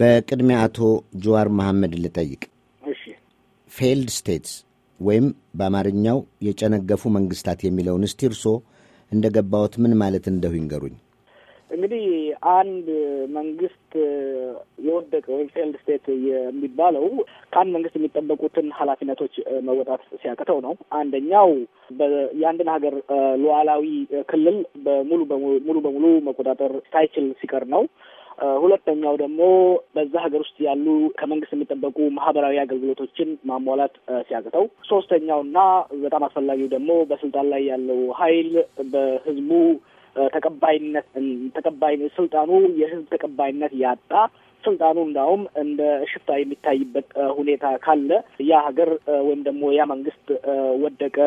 በቅድሚያ አቶ ጅዋር መሐመድ ልጠይቅ። ፌልድ ፌይልድ ስቴትስ ወይም በአማርኛው የጨነገፉ መንግስታት የሚለውን እስቲ እርሶ እንደ ገባዎት ምን ማለት እንደሁ ይንገሩኝ። እንግዲህ አንድ መንግስት የወደቀ ወይም ፌልድ ስቴት የሚባለው ከአንድ መንግስት የሚጠበቁትን ኃላፊነቶች መወጣት ሲያቅተው ነው። አንደኛው የአንድን ሀገር ሉዓላዊ ክልል በሙሉ በሙሉ በሙሉ መቆጣጠር ሳይችል ሲቀር ነው። ሁለተኛው ደግሞ በዛ ሀገር ውስጥ ያሉ ከመንግስት የሚጠበቁ ማህበራዊ አገልግሎቶችን ማሟላት ሲያቅተው፣ ሶስተኛውና በጣም አስፈላጊው ደግሞ በስልጣን ላይ ያለው ኃይል በህዝቡ ተቀባይነት ተቀባይ ስልጣኑ የህዝብ ተቀባይነት ያጣ ስልጣኑ እንዳውም እንደ ሽፍታ የሚታይበት ሁኔታ ካለ ያ ሀገር ወይም ደግሞ ያ መንግስት ወደቀ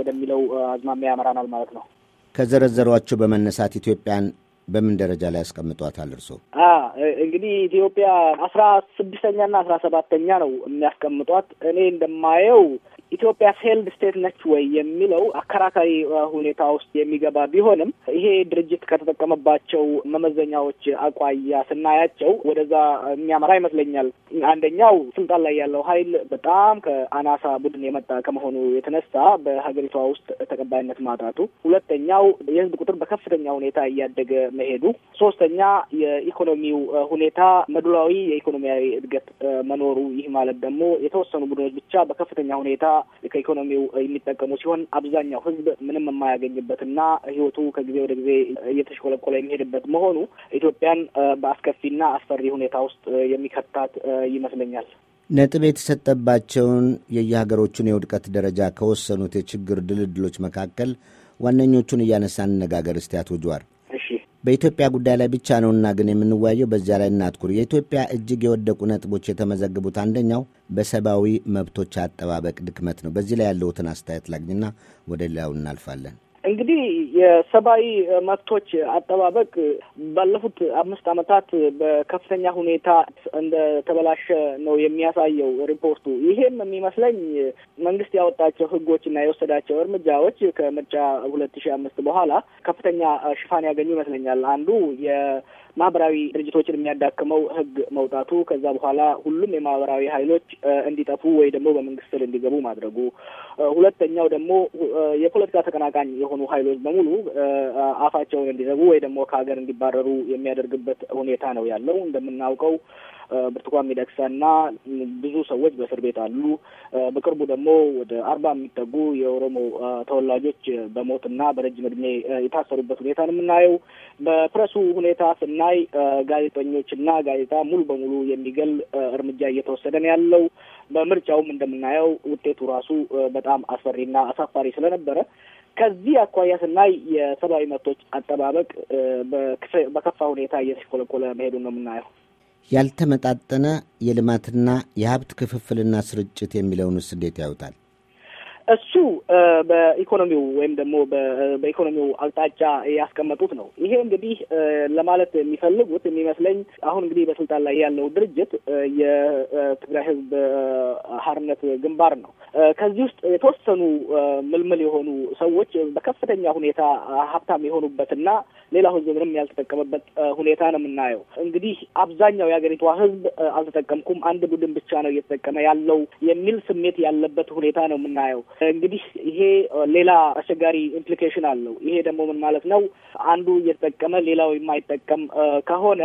ወደሚለው አዝማሚያ ያመራናል ማለት ነው። ከዘረዘሯቸው በመነሳት ኢትዮጵያን በምን ደረጃ ላይ ያስቀምጧታል እርሶ? እንግዲህ ኢትዮጵያ አስራ ስድስተኛና አስራ ሰባተኛ ነው የሚያስቀምጧት። እኔ እንደማየው ኢትዮጵያ ፌይልድ ስቴት ነች ወይ የሚለው አከራካሪ ሁኔታ ውስጥ የሚገባ ቢሆንም ይሄ ድርጅት ከተጠቀመባቸው መመዘኛዎች አቋያ ስናያቸው ወደዛ የሚያመራ ይመስለኛል። አንደኛው ስልጣን ላይ ያለው ኃይል በጣም ከአናሳ ቡድን የመጣ ከመሆኑ የተነሳ በሀገሪቷ ውስጥ ተቀባይነት ማጣቱ፣ ሁለተኛው የህዝብ ቁጥር በከፍተኛ ሁኔታ እያደገ መሄዱ፣ ሶስተኛ የኢኮኖሚው ሁኔታ መዱላዊ የኢኮኖሚያዊ እድገት መኖሩ። ይህ ማለት ደግሞ የተወሰኑ ቡድኖች ብቻ በከፍተኛ ሁኔታ ከኢኮኖሚው የሚጠቀሙ ሲሆን አብዛኛው ህዝብ ምንም የማያገኝበትና ህይወቱ ከጊዜ ወደ ጊዜ እየተሽቆለቆለ የሚሄድበት መሆኑ ኢትዮጵያን በአስከፊና አስፈሪ ሁኔታ ውስጥ የሚከታት ይመስለኛል። ነጥብ የተሰጠባቸውን የየሀገሮቹን የውድቀት ደረጃ ከወሰኑት የችግር ድልድሎች መካከል ዋነኞቹን እያነሳ ነጋገር እስቲ አቶ ጀዋር በኢትዮጵያ ጉዳይ ላይ ብቻ ነውና ግን የምንወያየው በዚያ ላይ እናትኩር። የኢትዮጵያ እጅግ የወደቁ ነጥቦች የተመዘገቡት አንደኛው በሰብአዊ መብቶች አጠባበቅ ድክመት ነው። በዚህ ላይ ያለውትን አስተያየት ላግኝና ወደ ሌላው እናልፋለን። እንግዲህ የሰብአዊ መብቶች አጠባበቅ ባለፉት አምስት ዓመታት በከፍተኛ ሁኔታ እንደተበላሸ ነው የሚያሳየው ሪፖርቱ። ይሄም የሚመስለኝ መንግስት ያወጣቸው ህጎችና የወሰዳቸው እርምጃዎች ከምርጫ ሁለት ሺህ አምስት በኋላ ከፍተኛ ሽፋን ያገኙ ይመስለኛል። አንዱ የማህበራዊ ድርጅቶችን የሚያዳክመው ህግ መውጣቱ፣ ከዛ በኋላ ሁሉም የማህበራዊ ሀይሎች እንዲጠፉ ወይ ደግሞ በመንግስት ስር እንዲገቡ ማድረጉ፣ ሁለተኛው ደግሞ የፖለቲካ ተቀናቃኝ የሆኑ የሆኑ ሀይሎች በሙሉ አፋቸውን እንዲዘጉ ወይ ደግሞ ከሀገር እንዲባረሩ የሚያደርግበት ሁኔታ ነው ያለው። እንደምናውቀው ብርቱካን ሚደቅሳና ብዙ ሰዎች በእስር ቤት አሉ። በቅርቡ ደግሞ ወደ አርባ የሚጠጉ የኦሮሞ ተወላጆች በሞትና በረጅም እድሜ የታሰሩበት ሁኔታ ነው የምናየው። በፕረሱ ሁኔታ ስናይ ጋዜጠኞችና ጋዜጣ ሙሉ በሙሉ የሚገል እርምጃ እየተወሰደ ነው ያለው። በምርጫውም እንደምናየው ውጤቱ ራሱ በጣም አስፈሪና አሳፋሪ ስለነበረ ከዚህ አኳያ ስናይ የሰብአዊ መብቶች አጠባበቅ በከፋ ሁኔታ እየተሽቆለቆለ መሄዱ ነው የምናየው። ያልተመጣጠነ የልማትና የሀብት ክፍፍልና ስርጭት የሚለውን እንዴት ያውጣል? እሱ በኢኮኖሚው ወይም ደግሞ በኢኮኖሚው አቅጣጫ ያስቀመጡት ነው። ይሄ እንግዲህ ለማለት የሚፈልጉት የሚመስለኝ አሁን እንግዲህ በስልጣን ላይ ያለው ድርጅት የትግራይ ሕዝብ ሀርነት ግንባር ነው። ከዚህ ውስጥ የተወሰኑ ምልምል የሆኑ ሰዎች በከፍተኛ ሁኔታ ሀብታም የሆኑበትና ሌላ ህዝብ ምንም ያልተጠቀመበት ሁኔታ ነው የምናየው። እንግዲህ አብዛኛው የሀገሪቷ ህዝብ አልተጠቀምኩም፣ አንድ ቡድን ብቻ ነው እየተጠቀመ ያለው የሚል ስሜት ያለበት ሁኔታ ነው የምናየው። እንግዲህ ይሄ ሌላ አስቸጋሪ ኢምፕሊኬሽን አለው። ይሄ ደግሞ ምን ማለት ነው? አንዱ እየተጠቀመ ሌላው የማይጠቀም ከሆነ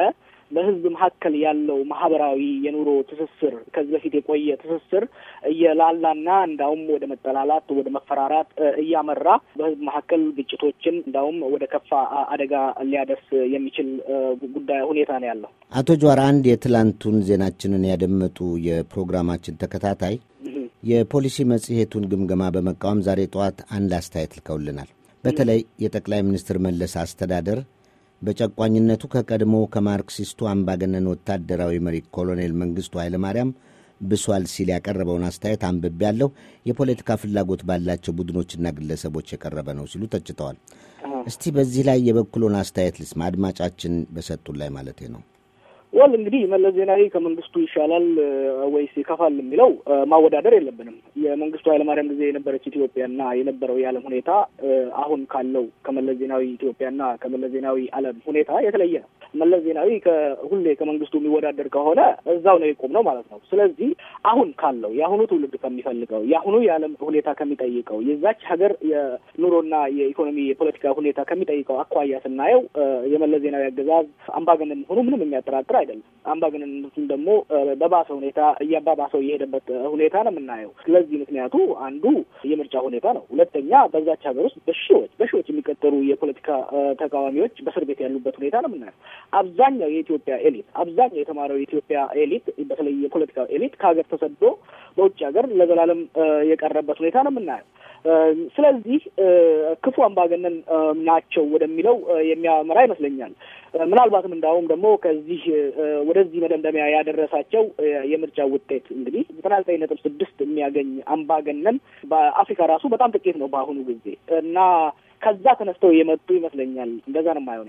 በህዝብ መካከል ያለው ማህበራዊ የኑሮ ትስስር ከዚህ በፊት የቆየ ትስስር እየላላና እንዳውም ወደ መጠላላት ወደ መፈራራት እያመራ በህዝብ መካከል ግጭቶችን እንዳውም ወደ ከፋ አደጋ ሊያደርስ የሚችል ጉዳይ ሁኔታ ነው ያለው። አቶ ጀዋር አንድ የትላንቱን ዜናችንን ያደመጡ የፕሮግራማችን ተከታታይ የፖሊሲ መጽሔቱን ግምገማ በመቃወም ዛሬ ጠዋት አንድ አስተያየት ልከውልናል። በተለይ የጠቅላይ ሚኒስትር መለስ አስተዳደር በጨቋኝነቱ ከቀድሞ ከማርክሲስቱ አምባገነን ወታደራዊ መሪ ኮሎኔል መንግስቱ ኃይለማርያም ብሷል ሲል ያቀረበውን አስተያየት ያለው የፖለቲካ ፍላጎት ባላቸው ቡድኖችና ግለሰቦች የቀረበ ነው ሲሉ ተችተዋል። እስቲ በዚህ ላይ የበኩሎን አስተያየት ልስማ፣ አድማጫችን በሰጡን ላይ ማለት ነው። ወል እንግዲህ መለስ ዜናዊ ከመንግስቱ ይሻላል ወይስ ይከፋል የሚለው ማወዳደር የለብንም። የመንግስቱ ኃይለማርያም ጊዜ የነበረች ኢትዮጵያና የነበረው የዓለም ሁኔታ አሁን ካለው ከመለስ ዜናዊ ኢትዮጵያና ከመለስ ዜናዊ ዓለም ሁኔታ የተለየ ነው። መለስ ዜናዊ ሁሌ ከመንግስቱ የሚወዳደር ከሆነ እዛው ነው የቆም ነው ማለት ነው። ስለዚህ አሁን ካለው የአሁኑ ትውልድ ከሚፈልገው የአሁኑ የዓለም ሁኔታ ከሚጠይቀው የዛች ሀገር የኑሮና የኢኮኖሚ የፖለቲካ ሁኔታ ከሚጠይቀው አኳያ ስናየው የመለስ ዜናዊ አገዛዝ አምባገነን ሆኑ ምንም የሚያጠራጥር አይደለም። አምባገነንነቱን ደግሞ በባሰ ሁኔታ እያባባሰው የሄደበት ሁኔታ ነው የምናየው። ስለዚህ ምክንያቱ አንዱ የምርጫ ሁኔታ ነው። ሁለተኛ በዛች ሀገር ውስጥ በሺዎች በሺዎች የሚቀጠሩ የፖለቲካ ተቃዋሚዎች በእስር ቤት ያሉበት ሁኔታ ነው የምናየው። አብዛኛው የኢትዮጵያ ኤሊት አብዛኛው የተማረው የኢትዮጵያ ኤሊት በተለይ የፖለቲካ ኤሊት ከሀገር ተሰዶ በውጭ ሀገር ለዘላለም የቀረበት ሁኔታ ነው የምናየው። ስለዚህ ክፉ አምባገነን ናቸው ወደሚለው የሚያመራ ይመስለኛል። ምናልባትም እንዳውም ደግሞ ከዚህ ወደዚህ መደምደሚያ ያደረሳቸው የምርጫ ውጤት እንግዲህ ዘጠና ዘጠኝ ነጥብ ስድስት የሚያገኝ አምባገነን በአፍሪካ ራሱ በጣም ጥቂት ነው በአሁኑ ጊዜ እና ከዛ ተነስተው የመጡ ይመስለኛል። እንደዛ ነው የማየው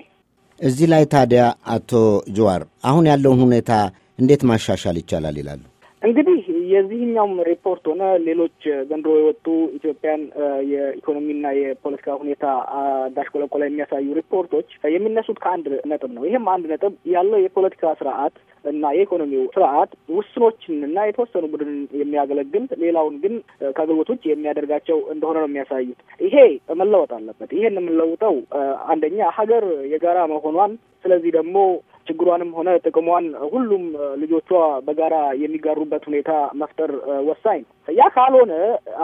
እዚህ ላይ ታዲያ አቶ ጅዋር አሁን ያለውን ሁኔታ እንዴት ማሻሻል ይቻላል ይላሉ? እንግዲህ የዚህኛውም ሪፖርት ሆነ ሌሎች ዘንድሮ የወጡ ኢትዮጵያን የኢኮኖሚና የፖለቲካ ሁኔታ እንዳሽቆለቆለ የሚያሳዩ ሪፖርቶች የሚነሱት ከአንድ ነጥብ ነው። ይህም አንድ ነጥብ ያለው የፖለቲካ ስርዓት እና የኢኮኖሚው ስርዓት ውስኖችን እና የተወሰኑ ቡድን የሚያገለግል ሌላውን ግን ከአገልግሎት ውጭ የሚያደርጋቸው እንደሆነ ነው የሚያሳዩት። ይሄ መለወጥ አለበት። ይሄን የምንለውጠው አንደኛ ሀገር የጋራ መሆኗን ስለዚህ ደግሞ ችግሯንም ሆነ ጥቅሟን ሁሉም ልጆቿ በጋራ የሚጋሩበት ሁኔታ መፍጠር ወሳኝ ነው። ያ ካልሆነ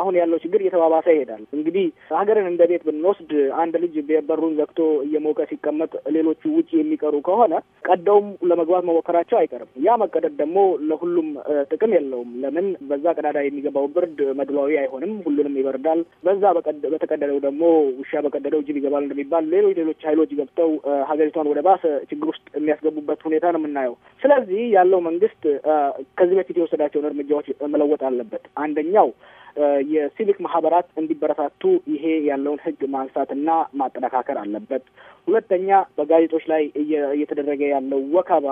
አሁን ያለው ችግር እየተባባሰ ይሄዳል። እንግዲህ ሀገርን እንደ ቤት ብንወስድ አንድ ልጅ በሩን ዘግቶ እየሞቀ ሲቀመጥ ሌሎቹ ውጭ የሚቀሩ ከሆነ ቀደውም ለመግባት መሞከራቸው አይቀርም። ያ መቀደድ ደግሞ ለሁሉም ጥቅም የለውም። ለምን በዛ ቀዳዳ የሚገባው ብርድ መድሏዊ አይሆንም፣ ሁሉንም ይበርዳል። በዛ በተቀደደው ደግሞ ውሻ በቀደደው ጅብ ይገባል እንደሚባል ሌሎች ሌሎች ኃይሎች ገብተው ሀገሪቷን ወደ ባሰ ችግር ውስጥ የሚያስገ ያስገቡበት ሁኔታ ነው የምናየው። ስለዚህ ያለው መንግስት ከዚህ በፊት የወሰዳቸውን እርምጃዎች መለወጥ አለበት። አንደኛው የሲቪክ ማህበራት እንዲበረታቱ ይሄ ያለውን ህግ ማንሳትና ማጠነካከር አለበት። ሁለተኛ በጋዜጦች ላይ እየተደረገ ያለው ወከባ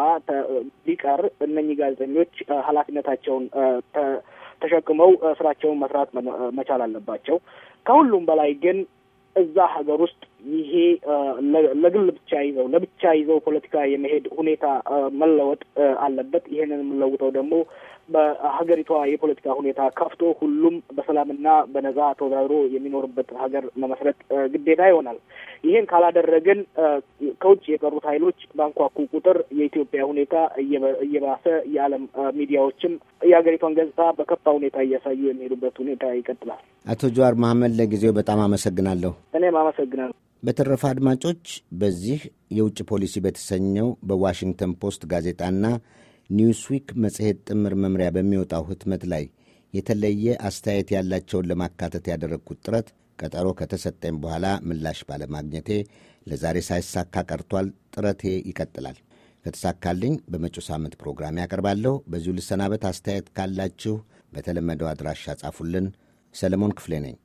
ቢቀር እነኚህ ጋዜጠኞች ኃላፊነታቸውን ተሸክመው ስራቸውን መስራት መቻል አለባቸው። ከሁሉም በላይ ግን እዛ ሀገር ውስጥ ይሄ ለግል ብቻ ይዘው ለብቻ ይዘው ፖለቲካ የመሄድ ሁኔታ መለወጥ አለበት። ይሄንን የምለውጠው ደግሞ በሀገሪቷ የፖለቲካ ሁኔታ ከፍቶ ሁሉም በሰላምና በነጻ ተወዳድሮ የሚኖርበት ሀገር መመስረት ግዴታ ይሆናል። ይህን ካላደረግን ከውጭ የቀሩት ኃይሎች ባንኳኩ ቁጥር የኢትዮጵያ ሁኔታ እየባሰ የዓለም ሚዲያዎችም የሀገሪቷን ገጽታ በከፋ ሁኔታ እያሳዩ የሚሄዱበት ሁኔታ ይቀጥላል። አቶ ጀዋር መሐመድ ለጊዜው በጣም አመሰግናለሁ። እኔም አመሰግናለሁ። በተረፈ አድማጮች በዚህ የውጭ ፖሊሲ በተሰኘው በዋሽንግተን ፖስት ጋዜጣና ኒውስዊክ መጽሔት ጥምር መምሪያ በሚወጣው ህትመት ላይ የተለየ አስተያየት ያላቸውን ለማካተት ያደረግኩት ጥረት ቀጠሮ ከተሰጠኝ በኋላ ምላሽ ባለማግኘቴ ለዛሬ ሳይሳካ ቀርቷል። ጥረቴ ይቀጥላል። ከተሳካልኝ በመጪው ሳምንት ፕሮግራም ያቀርባለሁ። በዚሁ ልሰናበት። አስተያየት ካላችሁ በተለመደው አድራሻ ጻፉልን። ሰለሞን ክፍሌ ነኝ።